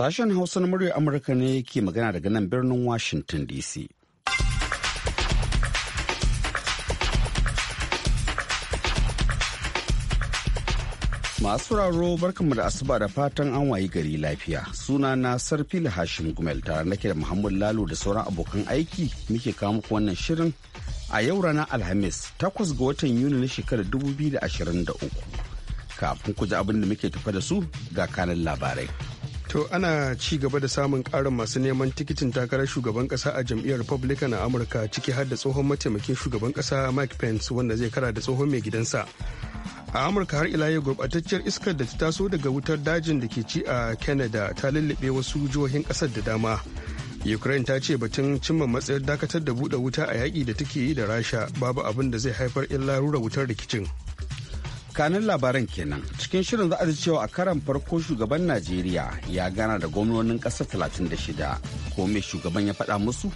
Sashen Hausa na murya Amurka ne ke magana daga nan birnin Washington DC. Masu raro barkanmu da asuba da fatan an wayi gari lafiya. Suna na Sarfil Hashim Gumel tare nake da Muhammad Lalo da sauran abokan aiki muke kawo muku wannan shirin a yau ranar Alhamis 8 ga watan Yuni na shekarar 2023. Kafin ku ji abin da muke tafa da su ga kanan labarai. To ana ci gaba da samun ƙarin masu neman tikitin takarar shugaban ƙasa a jam'iyyar Republican a Amurka ciki har da tsohon mataimakin shugaban ƙasa Mike Pence wanda zai kara da tsohon mai gidansa. A Amurka har ila yau gurɓatacciyar iskar da ta taso daga wutar dajin da ke ci a Canada ta lullube wasu jihohin ƙasar da dama. Ukraine ta ce batun cimma matsayar dakatar da buɗe wuta a yaƙi da take yi da Rasha babu abin da zai haifar illa rura wutar rikicin. kanin labaran kenan cikin shirin za a ji cewa a karan farko shugaban najeriya ya gana da gwamnonin kasa 36 ko mai shugaban ya faɗa musu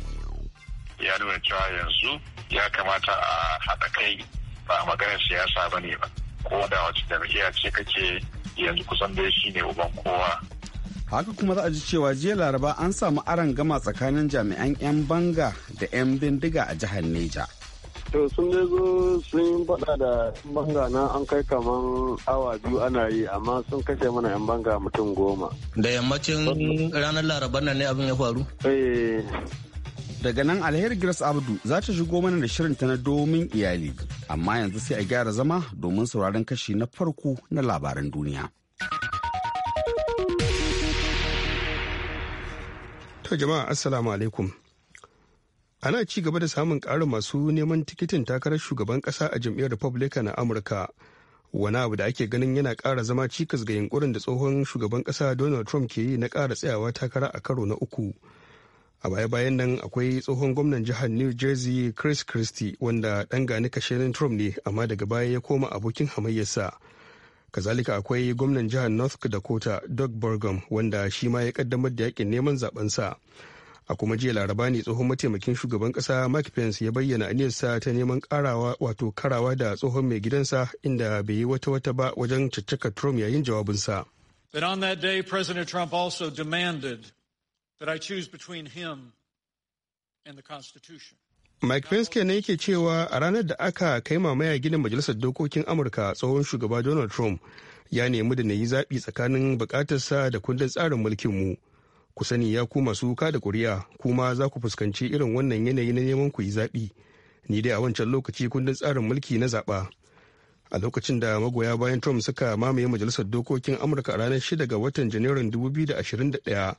ya nuna cewa yanzu ya kamata a haɗa kai ba maganar siyasa ba ne ba ko da wace jam'iyya ce kake yanzu kusan dai shi ne uban kowa haka kuma za a ji cewa jiya laraba an samu aron gama tsakanin jami'an 'yan banga da 'yan bindiga a jihar neja to sun dai zo sun yi faɗa da banga na an kai kaman awa biyu ana yi amma sun kashe mana yan banga mutum goma da yammacin ranar laraba nan ne abin ya faru eh. daga nan alheri grace abdu za ta shigo mana da shirin ta na domin iyali amma yanzu sai a gyara zama domin sauraron kashi na farko na labaran duniya to jama'a assalamu alaikum ana ci gaba da samun ƙarin masu neman tikitin takarar shugaban ƙasa a jam'iyyar republican na amurka wani abu da ake ganin yana kara zama cikas ga yunkurin da tsohon shugaban ƙasa donald trump ke yi na ƙara tsayawa takara a karo na uku a baya-bayan nan akwai tsohon gwamnan jihar new jersey chris christie wanda ɗan gani kashenin trump ne amma daga baya ya koma abokin hamayyarsa kazalika akwai gwamnan jihar north dakota doug burgum wanda shi ma ya kaddamar da yakin neman zaben sa a kuma jiya laraba ne tsohon mataimakin shugaban kasa mike pence ya bayyana aniyarsa ta neman karawa wato karawa da tsohon mai gidansa inda bai yi wata wata ba wajen caccaka trump yayin jawabinsa But on day, President Trump also demanded that I choose him and the Constitution. Mike Pence kenan yake cewa a ranar da aka kai mamaya ginin Majalisar Dokokin Amurka tsohon shugaba Donald Trump ya nemi da na yi zaɓi tsakanin bukatarsa da kundin tsarin mulkinmu ku sani ya ku masu da kuri'a kuma za ku fuskanci irin wannan yanayi na neman ku yi zaɓi ni dai a wancan lokaci kundin tsarin mulki na zaɓa a lokacin da magoya bayan trump suka mamaye majalisar dokokin amurka a ranar 6 ga watan janairun 2021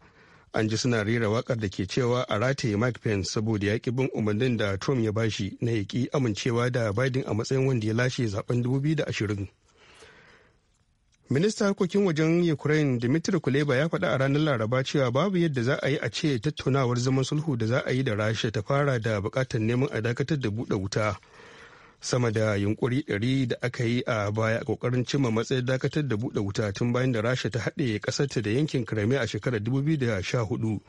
an ji suna rera wakar da ke cewa a rataye mike pence saboda ya bin umarnin da trump ya bashi na yaki amincewa da biden a matsayin wanda ya lashe zaben 2020 minista harkokin wajen Ukraine Dmitry Kuleba ya faɗa a ranar Laraba cewa babu yadda za a yi a ce tattaunawar zaman sulhu da za a yi da Rasha ta fara da bukatar neman a dakatar da buɗe wuta. Sama da yunkuri ɗari da aka yi a baya a kokarin cimma matsayin dakatar da buɗe wuta tun bayan da Rasha ta haɗe ƙasarta da yankin Crimea a shekarar 2014.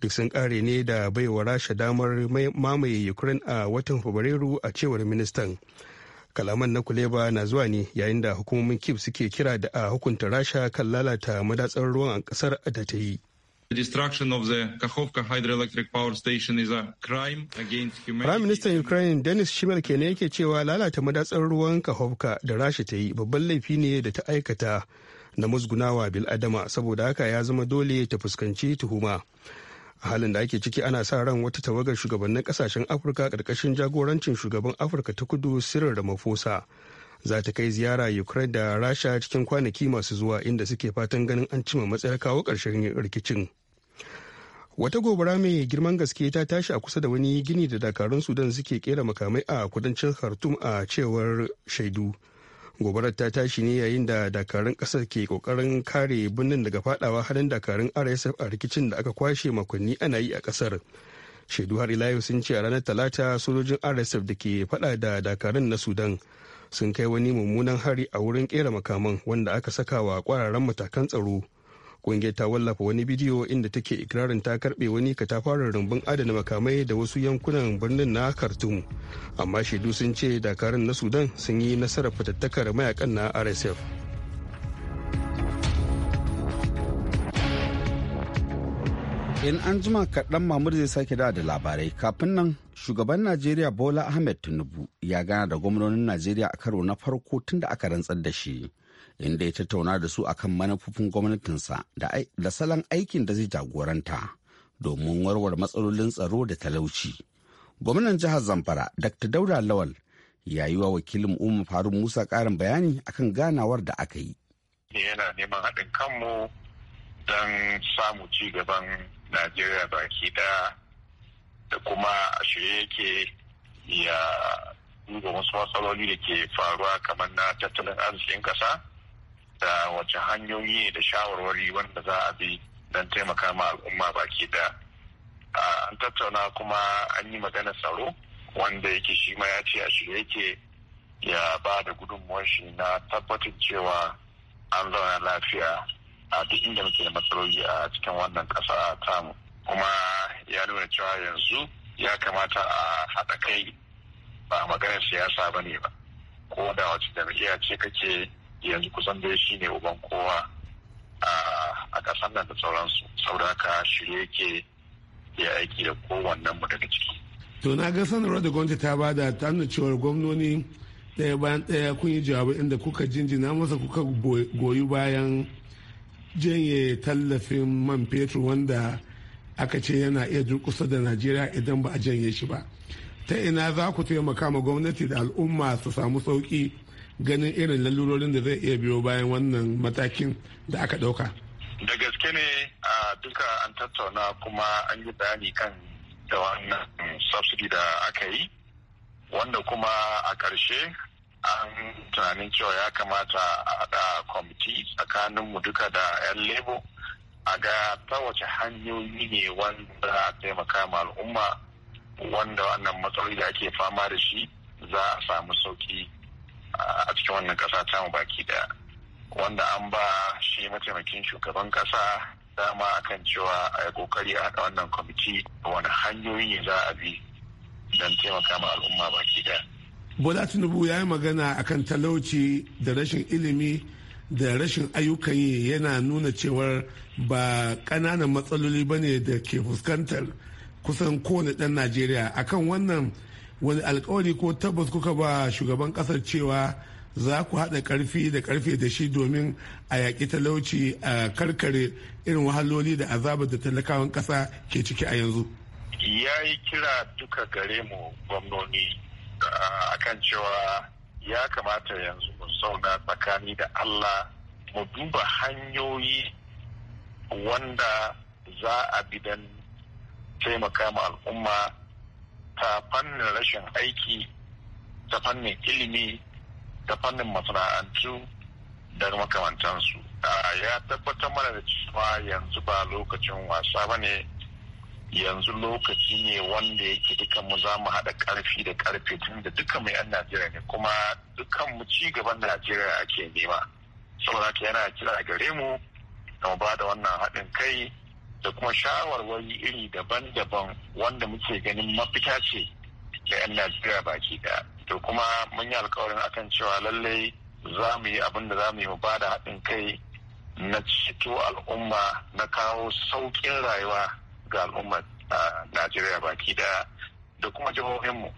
Duk sun kare ne da baiwa Rasha damar mamaye Ukraine a watan Fabrairu a cewar ministan. kalaman na kuleba na zuwa ne yayin da hukumomin kif suke kira da a hukunta rasha kan lalata madatsar ruwan a kasar da ta yi The destruction of the power station is crime against humanity. Prime Minister Ukraine Denis Shimel kenan yake cewa lalata madatsar ruwan Kahovka da Rasha ta yi babban laifi ne da ta aikata na musgunawa bil'adama saboda haka ya zama dole ta fuskanci tuhuma. a halin da ake ciki ana sa ran wata tawagar shugabannin kasashen afirka karkashin jagorancin shugaban afirka ta kudu cyril ramaphosa za ta kai ziyara ukraine da rasha cikin kwanaki masu zuwa inda suke fatan ganin an cima matsayar kawo ƙarshen rikicin wata gobara mai girman gaske ta tashi a kusa da wani gini da dakarun sudan suke kera makamai a kudancin khartoum a cewar shaidu gobarar ta tashi ne yayin da dakarun kasar ke kokarin kare birnin daga fadawa halin dakarun rsf a rikicin da aka kwashe makonni ana yi a kasar shaidu har ila sun ce a ranar talata sojojin rsf da ke fada da dakarun na sudan sun kai wani mummunan hari a wurin kera makaman wanda aka saka wa kwararren matakan tsaro Ƙungiyar ta wallafa wani bidiyo inda take ikirarin ta karbe wani katafaren rumbun adana makamai da wasu yankunan birnin na Khartoum. Amma shaidu sun ce dakarun na Sudan sun yi nasarar fitattakar mayakan na RSF. in an jima kaɗan mamur zai sake da da labarai kafin nan shugaban najeriya bola ahmed tinubu ya gana da gwamnonin najeriya a karo na farko tun da aka rantsar da shi inda ya tattauna da su akan manufofin gwamnatinsa da salon aikin da zai jagoranta domin warware matsalolin tsaro da talauci. Gwamnan jihar Zamfara, Dr. Dauda Lawal, ya yi wa wakilin Umar Faruk Musa ƙarin bayani akan ganawar da aka yi. Yana neman haɗin kanmu don samu ci gaban Najeriya baki da da kuma a shirye yake ya duba wasu matsaloli da ke faruwa kamar na tattalin arzikin ƙasa da wace hanyoyi da shawarwari wanda za a bi don taimaka ma al'umma baki da an tattauna kuma an yi magana tsaro wanda yake shi ma ya ce a shirye yake ya ba da gudunmuwar shi na tabbatar cewa an zauna lafiya a duk inda muke da matsaloli a cikin wannan ƙasa mu. kuma ya nuna cewa yanzu ya kamata a haɗa kai ba maganar siyasa ba ne ba ko da wace jam'iyya ce kake yanzu kusan dai shi ne uban kowa a ƙasar nan da sauransu saboda haka shirye yake ya aiki da kowannen mu daga ciki. to na ga sanarwar da gwamnati ta bada ta nuna cewar gwamnoni ɗaya bayan ɗaya kun yi jawabi inda kuka jinjina masa kuka goyi bayan janye tallafin man fetur wanda aka ce yana iya durkusa da najeriya idan ba a janye shi ba ta ina za ku taimaka ma gwamnati da al'umma su samu sauki ganin irin lalurorin da zai iya biyo bayan wannan matakin da aka ɗauka. Da gaske ne a duka an tattauna kuma an yi bayani kan da wannan subsidy da aka yi wanda kuma a ƙarshe an tunanin cewa ya kamata a haɗa kwamiti mu duka da 'yan lebo a ga ta wace hanyoyi ne wanda a taimaka ma al'umma wanda wannan matsaloli da ake fama da shi za a samu sauƙi. a cikin wannan kasa ta mu baki daya wanda an ba shi mataimakin shugaban ƙasa dama akan cewa a yi kokari a haɗa wannan kwamiti da wani hanyoyi ne za a bi don taimaka ma al'umma baki daya bola tinubu ya yi magana akan talauci da rashin ilimi da rashin ayyukan yi yana nuna cewar ba ƙananan matsaloli ba ne da ke fuskantar kusan kowane ɗan najeriya akan wannan wani alkawari ko tabbas kuka ba shugaban kasar cewa za ku haɗa ƙarfi da ƙarfe da shi domin a yaƙi talauci a karkare irin wahaloli da azabar da talakawan ƙasa ke ciki a yanzu. ya yi kira duka gare mu gwamnoni a kan cewa ya kamata yanzu mu sauna tsakani da allah mu duba hanyoyi wanda za a bi don taimaka ma al'umma ta fannin rashin aiki ta fannin ilimi ta fannin masana'antu da makamantansu ya tabbatar mana da cewa yanzu ba lokacin wasa ba ne yanzu lokaci ne wanda yake dukan mu za mu haɗa ƙarfi da ƙarfe tun da dukan mu 'yan najeriya ne kuma dukan mu ci gaban najeriya ake nema saboda haka yana kira gare mu da mu ba da wannan haɗin kai da kuma shawarwari iri daban-daban wanda muke ganin mafita ce da 'yan najeriya baki da to kuma mun yi alkawarin akan cewa lallai za mu yi abin da za mu yi mu bada haɗin kai na ceto al'umma na kawo sauƙin rayuwa ga al'ummar ah, najeriya baki da da kuma jihohinmu.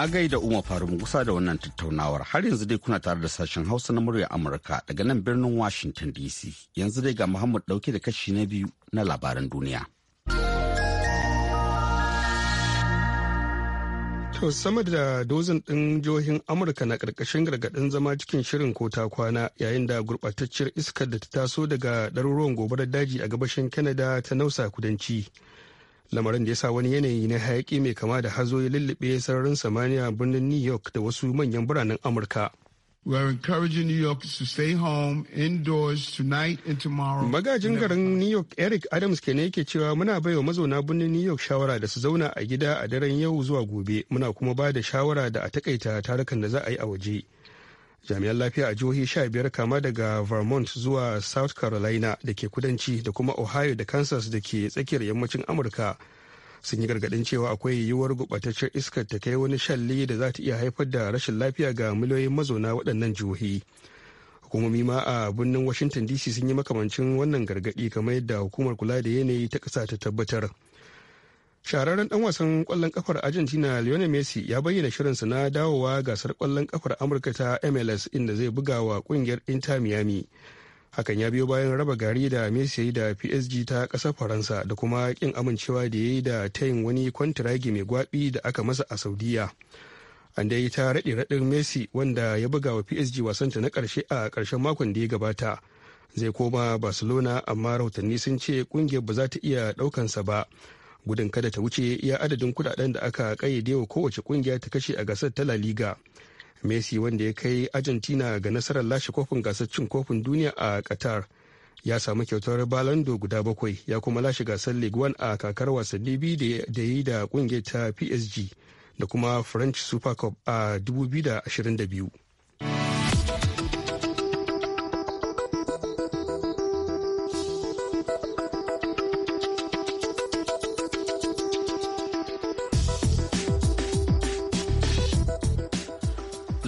a gaida Umar faru Musa da wannan tattaunawar har yanzu dai kuna tare da sashen Hausa na murya Amurka daga nan birnin Washington DC. Yanzu dai ga Muhammad dauke da kashi na biyu na labaran duniya. To sama da dozin ɗin jihohin Amurka na ƙarƙashin gargaɗin zama cikin shirin ko ta kwana yayin da gurɓatacciyar iskar da ta taso daga ɗaruruwan gobarar daji a gabashin Canada ta nausa kudanci. lamarin da ya sa wani yanayi na hayaƙi mai kama da hazo ya lullube sararin samaniya birnin new york da wasu manyan biranen amurka Magajin garin New York Eric Adams ke yake cewa muna bai wa mazauna birnin New York shawara da su zauna a gida a daren yau zuwa gobe muna kuma ba da shawara da a takaita tarukan da za a yi a waje. jami'an lafiya a jihohi sha biyar kama daga vermont zuwa south carolina da ke kudanci da kuma ohio da kansas da ke tsakiyar yammacin amurka sun yi gargadin cewa akwai yiwuwar gubataccen iskar ta kai wani shalli da za ta iya haifar da rashin lafiya ga miliyoyin mazauna waɗannan jihohi hukumomi ma a birnin washington dc sun yi makamancin wannan gargadi kamar yadda hukumar kula da yanayi ta ƙasa ta tabbatar shahararren dan wasan kwallon kafar argentina lionel messi ya bayyana shirinsa na dawowa gasar kwallon kafar amurka ta mls inda zai buga wa kungiyar inter miami hakan ya biyo bayan raba gari da messi da psg ta kasar faransa da kuma kin amincewa da ya yi da tayin wani kwantiragi mai gwabi da aka masa a saudiya an dai ta raɗe raɗin messi wanda ya buga wa psg wasanta na ƙarshe a ƙarshen makon da ya gabata zai koma barcelona amma rahotanni sun ce ƙungiyar ba za ta iya ɗaukansa ba gudun kada ta wuce iya adadin kudaden da aka kayyade wa kowace kungiya ta kashe a gasar ta La Liga. Messi wanda ya kai Argentina ga nasarar lashe kofin gasar cin kofin duniya a Qatar ya samu kyautar balando guda bakwai ya kuma lashe gasar League One a kakar wasanni biyu da yi da kungiyar ta PSG da kuma French Super Cup a 2022.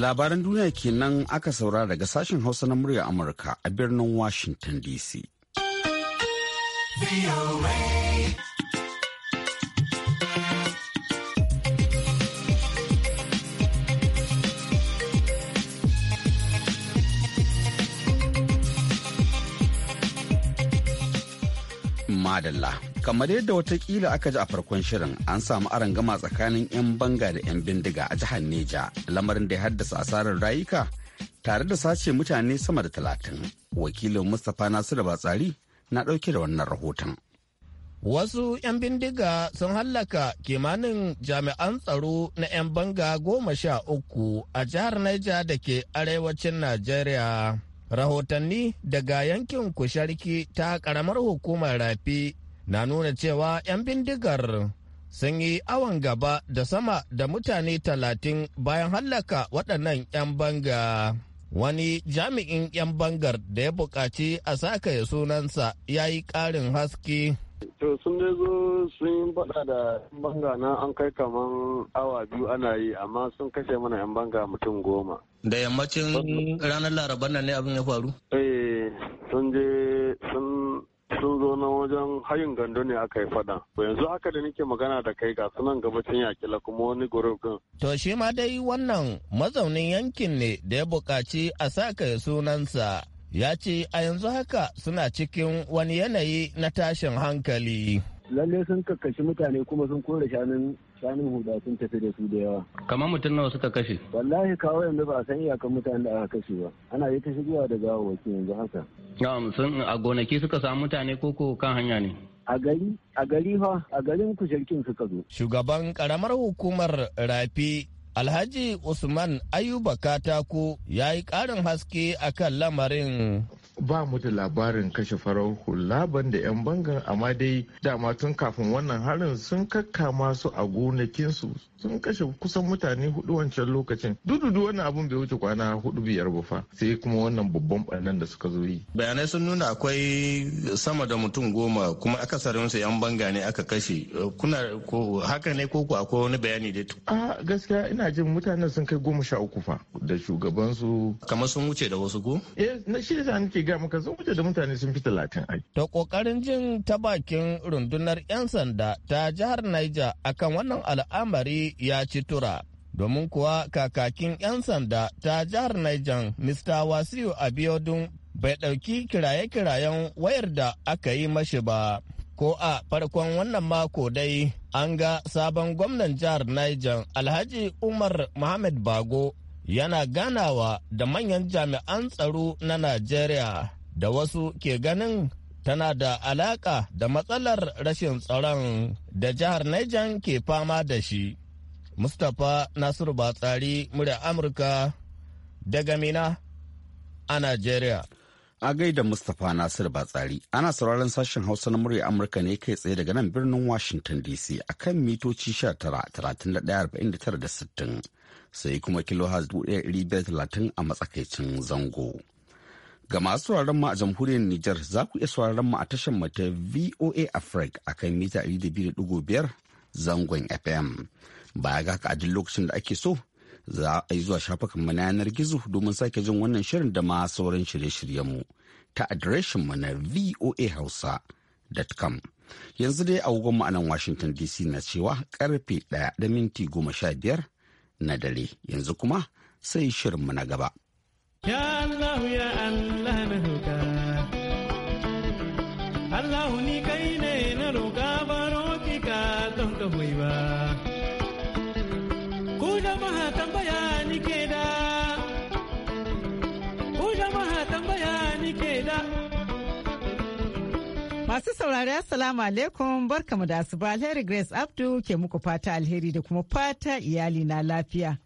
Labaran duniya kenan aka saura daga sashen Hausa na murya Amurka a birnin Washington DC. Madalla. kamar yadda watakila aka ji a farkon shirin an samu arangama tsakanin 'yan banga da 'yan bindiga a jihar neja lamarin da ya haddasa asarar rayuka tare da sace mutane sama da talatin wakilin mustapha nasiru batsari na ɗauke da wannan rahoton wasu 'yan bindiga sun hallaka kimanin jami'an tsaro na 'yan banga goma sha uku a jihar neja da ke arewacin najeriya rahotanni daga yankin kusharki ta karamar hukumar rafi na nuna cewa 'yan bindigar sun yi awon gaba da sama da mutane talatin bayan hallaka waɗannan 'yan banga. Wani jami'in 'yan bangar da ya buƙaci a ya sunansa ya yi ƙarin haske. To sun dai zo sun yi faɗa da 'yan banga na an kai kaman awa biyu ana yi amma sun kashe mana 'yan banga mutum goma. Da yammacin ranar laraban nan ne abin ya faru? Eh, sun je sun sun zo na wajen hayin gandu ne aka yi fada yanzu haka da nake magana da kai ga sunan gabacin yakila kuma wani gurukun to shi ma dai wannan mazaunin yankin ne da ya buƙaci a saka sunansa ya ce a yanzu haka suna cikin wani yanayi na tashin hankali lalle sun kakkashi mutane kuma sun kore shanun sani huda sun tafi da su da yawa kamar mutum nawa suka kashe wallahi kawo yanzu ba a san iyakan mutanen da aka kashe ba ana yi ta shigowa da gawawaki yanzu haka sun a gonaki suka samu mutane koko kan hanya ne a gari a gari ha, a garin kushirkin suka zo shugaban karamar hukumar rafi Alhaji Usman Ayuba Katako ya yi ƙarin haske akan lamarin. ba mu da labarin kashe farar hula banda 'yan bangan amma dai dama tun kafin wannan harin sun kakka su a gonakinsu sun kashe kusan mutane hudu wancan lokacin dududu wannan abun bai wuce kwana hudu biyar ba fa sai kuma wannan babban barnan da suka zo yi bayanai sun nuna akwai sama da mutum goma kuma akasarin su yan banga ne aka kashe kuna ko haka ne ko ku akwai wani bayani da a gaskiya ina jin mutanen sun kai goma sha uku fa da shugabansu. kamar sun wuce da wasu ko eh na shi da nake ga sun da mutane sun fi talatin ai. kokarin jin ta bakin rundunar 'yan sanda ta jihar Niger akan wannan al'amari ya ci tura. Domin kuwa kakakin 'yan sanda ta jihar Niger Mr. Wasiu Abiodun bai ɗauki kiraye-kirayen wayar da aka yi mashi ba. Ko a farkon wannan mako dai an ga sabon gwamnan jihar Niger Alhaji Umar Muhammad Bago yana ganawa da manyan jami'an tsaro na Najeriya da wasu ke ganin tana da alaka da matsalar rashin tsaron da jihar Niger ke fama da shi. Mustapha Nasiru Batsari murya Amurka daga Mina a Najeriya. A gaida Mustapha Nasiru Batsari, ana sauraron sashen Hausa na murya Amurka ne kai tsaye daga nan birnin Washington DC a kan mitoci 19 31 da sittin. sai kuma kilohertz 1530 a matsakaicin zango. Ga masu sauraron mu a jamhuriyar Nijar za ku iya sauraron mu a tashar mu ta VOA Africa a kan mita 200.5 zangon FM. Baya ga haka a duk lokacin da ake so za a yi zuwa shafukan mu na yanar gizo domin sake jin wannan shirin da ma sauran shirye-shiryen mu ta adireshin mu na voahausa.com. Yanzu dai a mu a nan Washington DC na cewa karfe 1 da minti 15 na dare yanzu kuma sai shirinmu na gaba. Ya Allah ya Allah na roƙa. Allah ni kai ne na roƙa baro ki ka don ka ba. Masu saurari Assalamu alaikum barkamu da asuba alheri Grace Abdu ke muku fata alheri da kuma fata iyali na lafiya.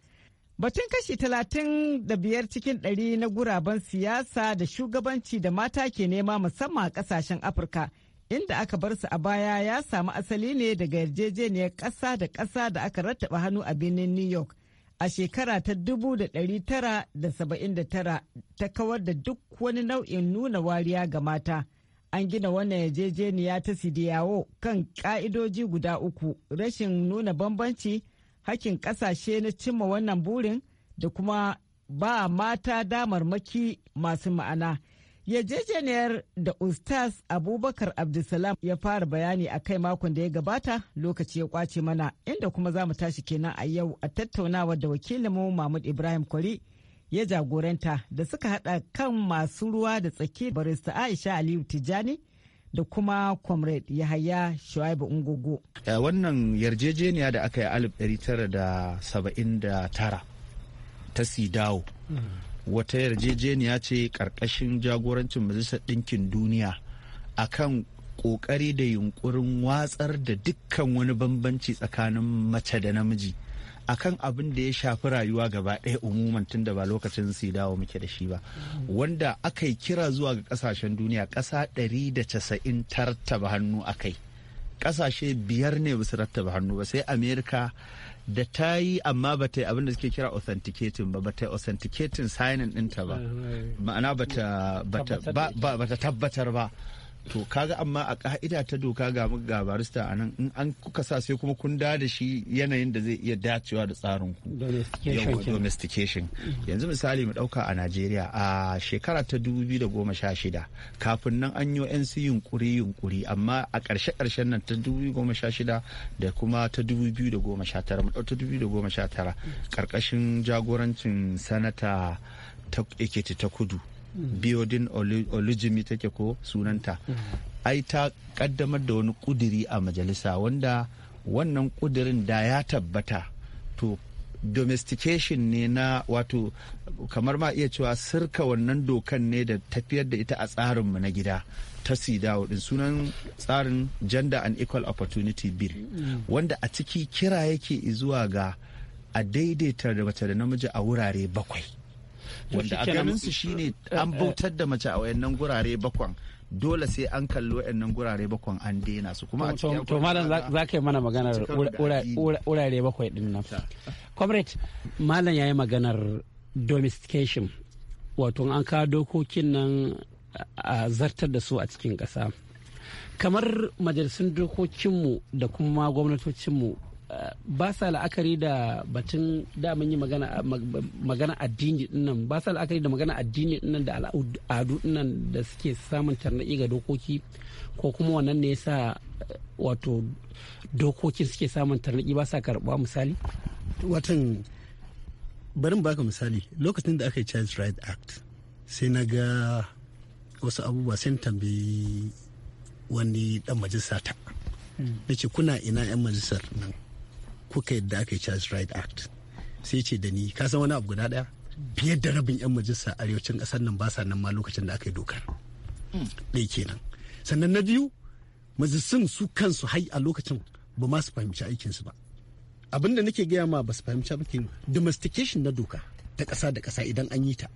Batun kashi talatin da biyar cikin ɗari na guraben siyasa da shugabanci da mata ke nema musamman a ƙasashen Afirka inda aka bar su a baya ya samu asali ne daga yarjejeniyar ƙasa da ƙasa da aka rattaba hannu a birnin New York a shekara ta 1979 ta kawar da duk wani nau'in nuna wariya ga mata. an gina wannan yajejeniya ta sidiyawo kan ka'idoji guda uku rashin nuna bambanci hakkin ƙasashe na cimma wannan burin da kuma ba mata damarmaki masu ma'ana yarjejeniyar da ustaz abubakar abdulsalam ya fara bayani a kai makon da ya gabata lokaci ya kwace mana inda kuma za mu tashi kenan a yau a tattaunawar da wakilinmu mahmud ibrahim kwari ya jagoranta da suka hada kan masu ruwa da tsaki barista aisha aliyu tijani da kuma comrade yahaya shuaibu ungogo wannan yarjejeniya da aka yi alif 1979 ta sidawo wata yarjejeniya ce karkashin jagorancin majalisar ɗinkin duniya akan ƙoƙari da yunkurin watsar da dukkan wani bambanci tsakanin mace da namiji. akan abin da ya shafi rayuwa gaba ɗaya umuman tun da ba lokacin su dawo muke da shi ba wanda aka yi kira zuwa ga ƙasashen duniya ƙasa ɗari da 190 tartaba hannu a kai ƙasashe biyar ne ba su rattaba hannu ba sai amerika da ta yi amma ba ta yi da suke kira authenticating ba ba ta yi authenticating signing ɗinta ba ma'ana ba ta tabbatar ba to kaga amma a ka'ida ta doka ga ga barista a nan in an kuka sa sai kuma kun da da shi yanayin da zai iya dacewa da tsarin ku domestication yanzu misali mu dauka a Najeriya a shekara ta 2016 kafin nan an yi NC yunkuri yunkuri amma a karshe karshen nan ta 2016 da kuma ta 2019 mu ta 2019 karkashin jagorancin sanata ta ta kudu biodin olijimi take ko sunanta ai ta kaddamar da wani kuduri a majalisa wanda wannan kudirin da ya tabbata to domestication ne na wato kamar ma iya cewa sirka wannan dokan ne da tafiyar da ita a tsarinmu na gida ta sidawo din sunan tsarin gender and equal opportunity bill wanda a ciki kira yake zuwa ga a daidaita da mace da namiji a wurare bakwai wanda a ganin su shine eh, an eh. bautar da mace a wayannan gurare bakwan dole sai an kalli wayannan gurare bakwan an daina su kuma a to malam za ka yi mana maganar wurare bakwai din nan comrade malam ya yi maganar domestication wato an ka dokokin nan a zartar da su a cikin ƙasa kamar majalisun dokokinmu da kuma gwamnatocinmu ba sa la'akari da batun da yi magana addini dinnan ba sa la'akari da magana addini dinnan da al'adu dinnan da suke samun tarnaƙi ga dokoki ko kuma wannan ne yasa eh, wato dokokin suke samun tarnaƙi ba sa karɓa misali watan barin baka misali lokacin da aka yi child right act sai na ga wasu abubuwa sai na tambayi wani dan majalisa ta hmm. na ce kuna ina 'yan majalisar nan kuka yadda aka yi Charles right act sai ce da ni ka san wani abu guda daya fiye da rabin yan majalisa arewacin kasar nan ba sa nan ma lokacin da aka yi dokar ɗaya kenan sannan na biyu majalisun su kansu hai a lokacin ba ma su fahimci aikinsu ba abin da nake gaya ma ba su fahimci aikin domestication na doka ta kasa da kasa idan an yi ta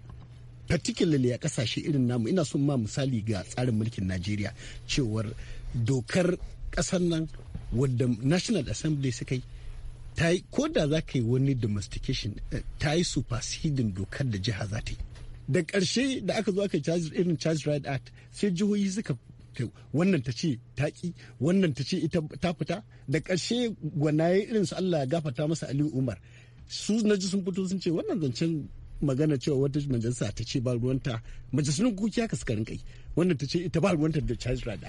particularly a kasashe irin namu ina son ma misali ga tsarin mulkin najeriya cewar dokar kasar nan wadda national assembly suka yi ta yi ko da za ka yi wani domestication eh, ta yi supersedin dokar da jiha za ta yi da ƙarshe da aka zo aka yi irin charge right act sai jihohi suka wannan ta ce ta ki wannan ta ce ita ta fita da ƙarshe gwanaye irin su Allah ya gafata masa Aliyu Umar su na ji sun fito sun ce wannan zancen magana cewa wata majalisa ta ce ba ruwanta majalisun kuki haka suka rinka wannan ta ce ita ba ruwanta da child right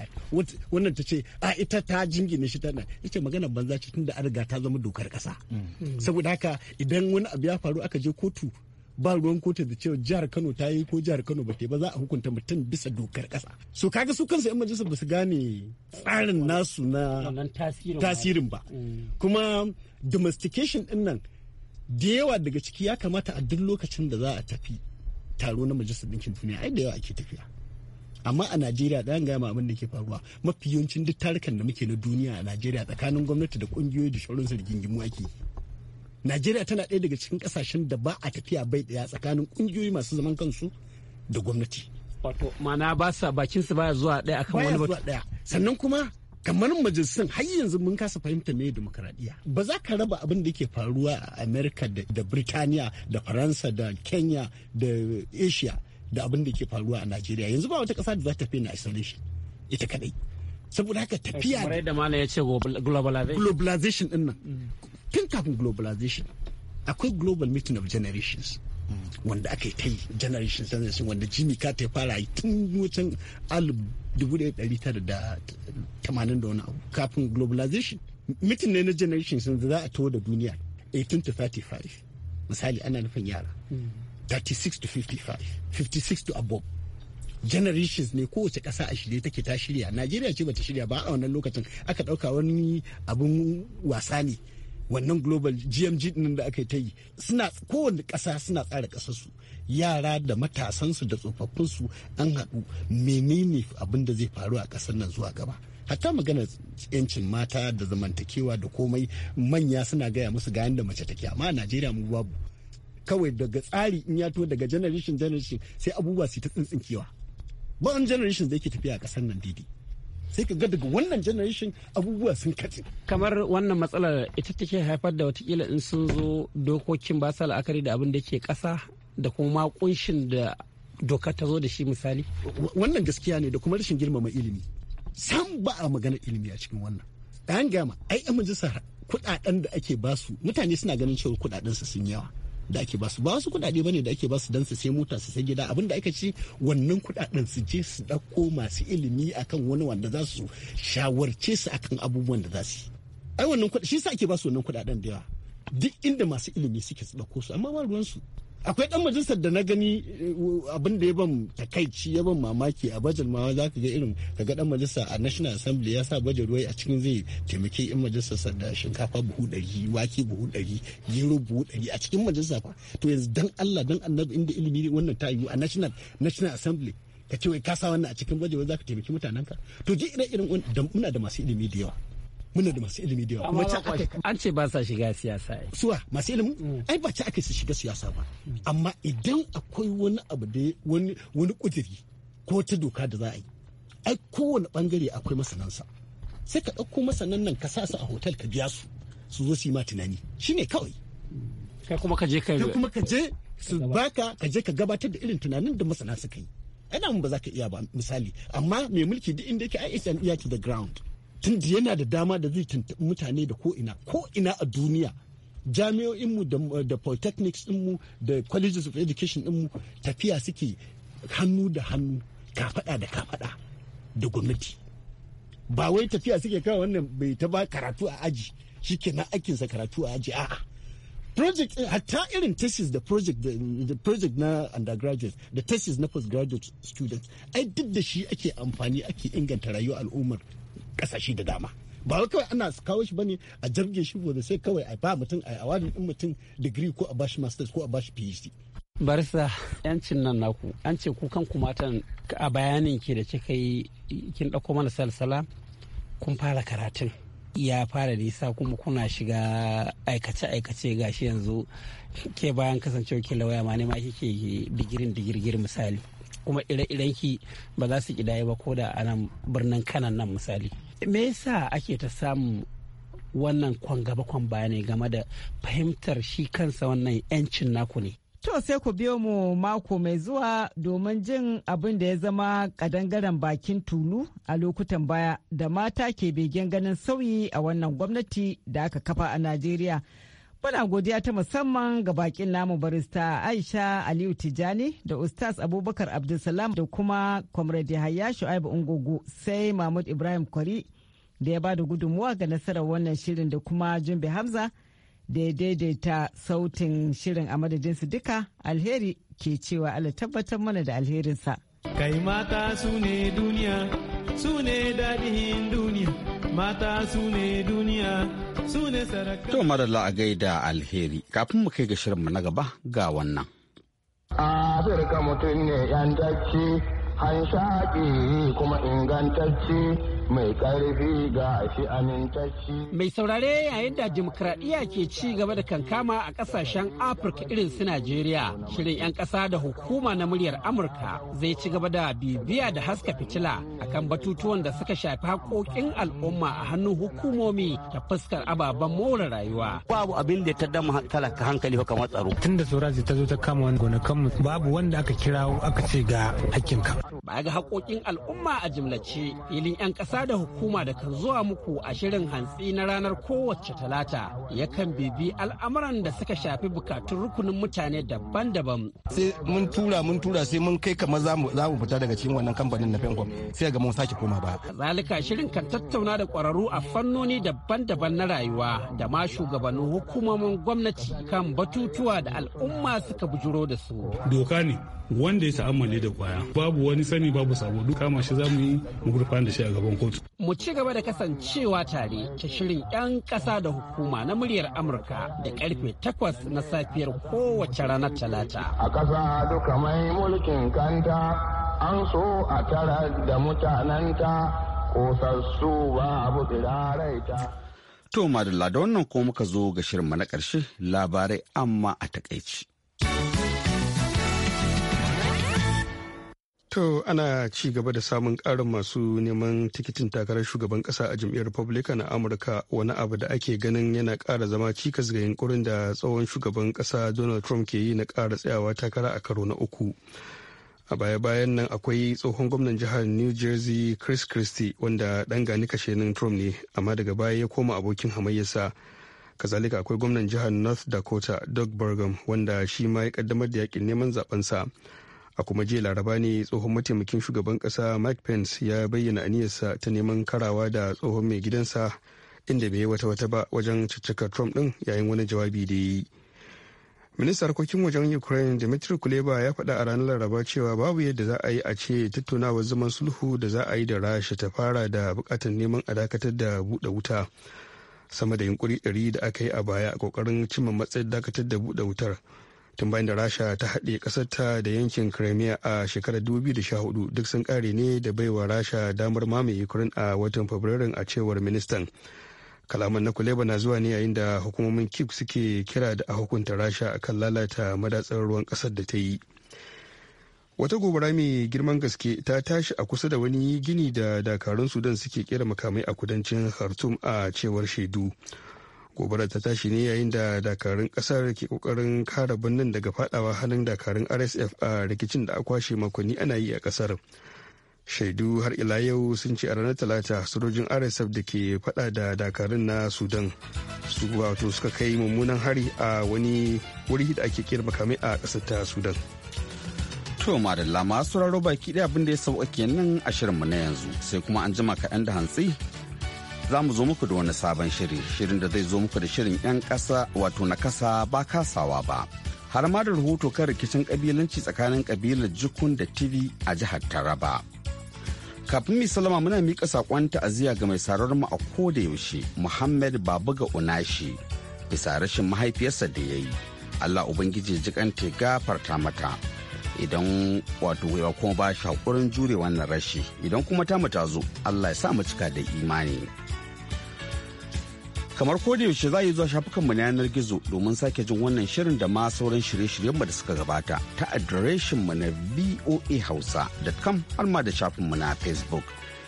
wannan ta ce a ita ta jingine shi tana ita magana banza ce tun an riga ta zama dokar kasa mm. saboda haka idan wani abu ya faru aka je kotu ba ruwan kotu da cewa jihar kano ta yi ko jihar kano ba ta ba za a hukunta mutum bisa dokar kasa so kaga su kansu 'yan majalisar ba su gane tsarin nasu na tasirin ba mm. kuma domestication din nan da yawa daga ciki ya kamata a duk lokacin da za a tafi taro na majalisar ɗinkin duniya ai da yawa ake tafiya amma a najeriya da yan gama abin da ke faruwa mafi yawancin duk tarukan da muke na duniya a najeriya tsakanin gwamnati da kungiyoyi da shauransu da gingimu ake najeriya tana ɗaya daga cikin ƙasashen da ba a tafiya bai ɗaya tsakanin kungiyoyi masu zaman kansu da gwamnati wato mana ba sa bakin su baya zuwa ɗaya akan wani batu ɗaya sannan kuma kamar majalisun har yanzu mun kasa fahimta me demokaradiyya ba za ka raba abin da ke faruwa a america da, da birtaniya da faransa da kenya da asia da abin da ke faruwa a najeriya yanzu ba wata ƙasa da za ta fi na isolation ita kadai saboda haka eh, tafiya kamar yadda mana ya ce globalization globalization din nan mm. tun kafin globalization akwai global meeting of generations mm. wanda aka yi ta yi generations generation wanda jimmy carter fara yi tun wucin alif dubu da ɗari tara da tamanin da wani abu kafin globalization mitin ne na generations da za a tawo da duniya 1835 misali ana nufin yara mm. 36 to 55 56 to above generations ne kowace ƙasa a shirye take ta shirya najeriya ce bata shirya ba a wannan lokacin aka ɗauka wani abin wasa ne wannan global gmg din da aka yi ta yi suna kowane ƙasa suna tsara ƙasarsu yara da matasansu da tsofaffinsu an haɗu menene abin da zai faru a ƙasar nan zuwa gaba hatta maganar yancin mata da zamantakewa da komai manya suna gaya musu ga da mace take amma najeriya mu babu kawai daga tsari in ya to daga generation generation sai abubuwa su ta tsintsinkewa ba wani generation da yake tafiya a ƙasar nan daidai sai ka ga daga wannan generation abubuwa sun kace kamar wannan matsalar ita take haifar da watakila in sun zo dokokin ba sa la'akari da abin da ke kasa da kuma kunshin da doka ta zo da shi misali wannan gaskiya ne da kuma rashin girmama ilimi sam ba a magana ilimi a cikin wannan ɗayan gama ai amince majalisar kuɗaɗen da ake basu mutane suna ganin cewa kuɗaɗen su sun yawa da ake basu ba wasu kudade bane da ake basu dan su sai mota su sai gida abin da aka ci wannan kudaden su je su ɗauko masu ilimi akan wani wanda za su shawarce su akan abubuwan da za su ai wannan kudi shi sa ake basu wannan kudaden da yawa duk inda masu ilimi suke su ɗauko su amma ba ruwan su akwai dan majalisar da na gani eh, abin da ya ban takaici ya ban mamaki a bajin ma za ka ga irin ka ga dan majalisa a national assembly ya sa bajin ruwa a cikin zai taimaki in majalisar da shinkafa buhu ɗari wake buhu ɗari gero buhu ɗari a cikin majalisa fa to yanzu dan Allah dan annabi inda ilimi wannan ta yiwu a national national assembly ka ce wai ka sa wannan a cikin bajar za ka taimaki ka to ji ire irin muna da masu ilimi da yawa muna da masu ilimi da yawa kuma an ce ba sa shiga siyasa ai suwa masu ilimi mm. ai ba ce ake su shiga siyasa ba amma idan akwai wani abu da wani wani kudiri ko ta doka da za a yi ai kowane bangare akwai sa sai ka dauko masanan nan ka sa su a hotel ka biya su su zo su yi ma tunani shine kawai kai kuma ka je kai kuma ka je su baka ka je ka gabatar da irin tunanin da masana suka yi ana mun ba za ka iya ba misali amma mai mulki duk inda yake ai is an ear to the ground tun da yana da dama da zai tuntuɓi mutane da ko'ina ko'ina a duniya jami'o'inmu da polytechnics ɗinmu da colleges of education ɗinmu tafiya suke hannu da hannu kafaɗa da kafaɗa da gwamnati ba wai tafiya suke kawo wannan bai ta ba karatu a aji shi ke na aikinsa karatu a aji a'a project eh, hatta irin thesis da project da project na undergraduate da thesis na postgraduate students ai duk da shi ake amfani ake inganta rayuwar al'ummar kasashe da dama ba kawai ana kawo shi bane a jirge shi da sai kawai a ba mutum a awadin din mutum digiri ko a bashi masters ko a bashi phd barista yancin nan naku an ce ku kan matan a bayanin ke da kika yi kin ɗauko mana salsala kun fara karatun ya fara nisa kuma kuna shiga aikace-aikace gashi yanzu ke bayan kasancewa ke lawaya ma ne ma kike digirin digirgir misali kuma ire-iren ki ba za su kidaye ba ko da a nan birnin kanan nan misali me yasa ake ta samun wannan kwan gaba kwan ne game da fahimtar shi kansa wannan yancin naku ne To sai ku biyo mu mako mai zuwa domin jin abin da ya zama kadangaren bakin tulu a lokutan baya da mata ke begen ganin sauyi a wannan gwamnati da aka kafa a Najeriya. Muna godiya ta musamman ga bakin namu barista Aisha Aliyu Tijani da Ustaz Abubakar Abdulsalam da kuma Comrade Yahaya Shu'aibu Ungugu sai Mahmud Ibrahim Kwari da ya ba da gudunmuwa ga nasarar wannan shirin da kuma Jumbe Hamza da ya daidaita sautin shirin a madadinsu duka alheri ke cewa Allah tabbatar mana da alherinsa. Kai mata su ne duniya, su ne dadihin duniya, mata su ne duniya. To madalla a gaida alheri kafin mu kai ga shirinmu na gaba ga wannan. Afirka mutum ne 'yan 'yantacci, hanshaƙi kuma ingantacci mai ƙarfi ga shi amintacci. Mai saurare yayin da dimokuraɗiyya ke ci gaba da kankama a ƙasashen Afirka irin su Najeriya, shirin 'yan ƙasa da hukuma na muryar Amurka zai ci gaba da bibiya da haska fitila akan batutuwan da suka shafi haƙoƙin al'umma a hannun hukumomi da fuskar ababen more rayuwa. Babu abin da ta dama talaka hankali ko kamar tsaro. Tun da saurazi ta zo ta kama wani gonakanmu babu wanda aka kirawo aka ce ga hakkinka. Ba ga haƙoƙin al'umma a jimlace filin 'yan ƙasa da hukuma da kan zuwa muku a shirin hantsi na ranar kowace talata yakan bibi al'amuran da suka shafi bukatun rukunin mutane daban-daban. Sai mun tura mun tura sai mun kai kamar za mu fita daga cikin wannan kamfanin na Fenkom sai ga mun sake koma ba. Zalika shirin kan tattauna da kwararru a fannoni daban-daban na rayuwa da ma shugabannin hukumomin gwamnati kan batutuwa da al'umma suka bujuro da su. Doka ne wanda ya ta'ammali da kwaya babu wani sani babu sabo duka kama shi za mu yi mu gurfana da shi a gaban kotu. Mu ci gaba da kasancewa tare ta shirin 'yan ƙasa da hukuma na muryar Amurka da karfe takwas na safiyar kowace ranar Talata. A ƙasa duka mai mulkin kanta an so a tara da mutananta kosassu ba abu tsiraraita. To madalla da wannan ko muka zo ga shirin na ƙarshe labarai amma a takaici. To ana ci gaba da samun ƙarin masu neman tikitin takarar shugaban ƙasa a jam'iyyar Republican a Amurka wani abu da ake ganin yana kara zama cikas ga yunkurin da tsohon shugaban ƙasa Donald Trump ke yi na kara tsayawa takara a karo na uku. A baya-bayan nan akwai tsohon gwamnan jihar New Jersey Chris Christie wanda ɗan gani kashenin Trump ne amma daga baya ya koma abokin hamayyarsa. Kazalika akwai gwamnan jihar North Dakota Doug Burgum wanda shi ma ya ƙaddamar da yakin neman zaɓensa. sa. a kuma jiya laraba ne tsohon mataimakin shugaban kasa mike pence ya bayyana aniyarsa ta neman karawa da tsohon mai gidansa inda bai yi wata wata ba wajen caccakar trump din yayin wani jawabi da yi ministan harkokin wajen ukraine dimitri kuleba ya faɗa a ranar laraba cewa babu yadda za a yi a ce tattaunawar zaman sulhu da za a yi da rasha ta fara da bukatar neman a dakatar da buɗe wuta sama da yunkuri ɗari da aka yi a baya a kokarin cimma matsayin dakatar da buɗe wutar tun bayan da rasha ta haɗe ƙasarta da yankin crimea a shekarar 2014 duk sun ƙare ne da baiwa rasha damar mamaye ukraine a watan fabrairun a cewar ministan kalaman na kuleba na zuwa ne yayin da hukumomin kif suke kira da a hukunta rasha a kan lalata madatsar ruwan ƙasar da ta yi wata gobara mai girman gaske ta tashi a kusa da wani gini da dakarun sudan suke kera makamai a kudancin khartoum a cewar shaidu gobarar ta tashi ne yayin da dakarun kasar ke kokarin kare birnin daga fadawa hannun dakarun rsf a rikicin da kwashe makonni ana yi a kasar shaidu har ila yau sun ce a ranar talata sojojin rsf da ke fada da dakarun na sudan su wato suka kai mummunan hari a wani wuri da ake kira makamai a kasar ta sudan To madalla masu raro baki daya abin ya sauka kenan a mu na yanzu sai kuma an jima kaɗan da hantsi za mu zo muku da wani sabon shiri shirin da zai zo muku da shirin 'yan ƙasa wato na kasa ba kasawa ba har ma da rahoto kan rikicin kabilanci tsakanin ƙabilar jikun da tv a jihar taraba kafin mai salama muna miƙa saƙon ta'aziyya ga mai sarar mu a ko da yaushe muhammad babuga unashi bisa rashin mahaifiyarsa da ya yi allah ubangiji jikanta gafarta mata idan wato ya kuma ba shi haƙurin jure wannan rashi idan kuma ta mu ta zo allah ya sa mu cika da imani kamar yaushe za a yi zuwa shafukanmu na yanar gizo domin sake jin wannan shirin da ma sauran shirye-shiryenmu da suka gabata ta adireshinmu na hausa.com har ma da shafinmu na facebook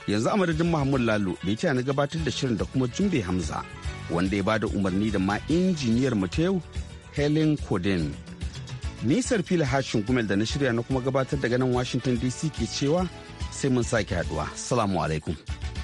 yanzu a madadin muhammad lalo da na gabatar da shirin da kuma jumbe hamza wanda ya ba da umarni da ma injiniyar mu ta yau helen kodin nisar fila hashin gumel da na shirya na kuma gabatar daga nan washington dc ke cewa sai mun sake haduwa salamu alaikum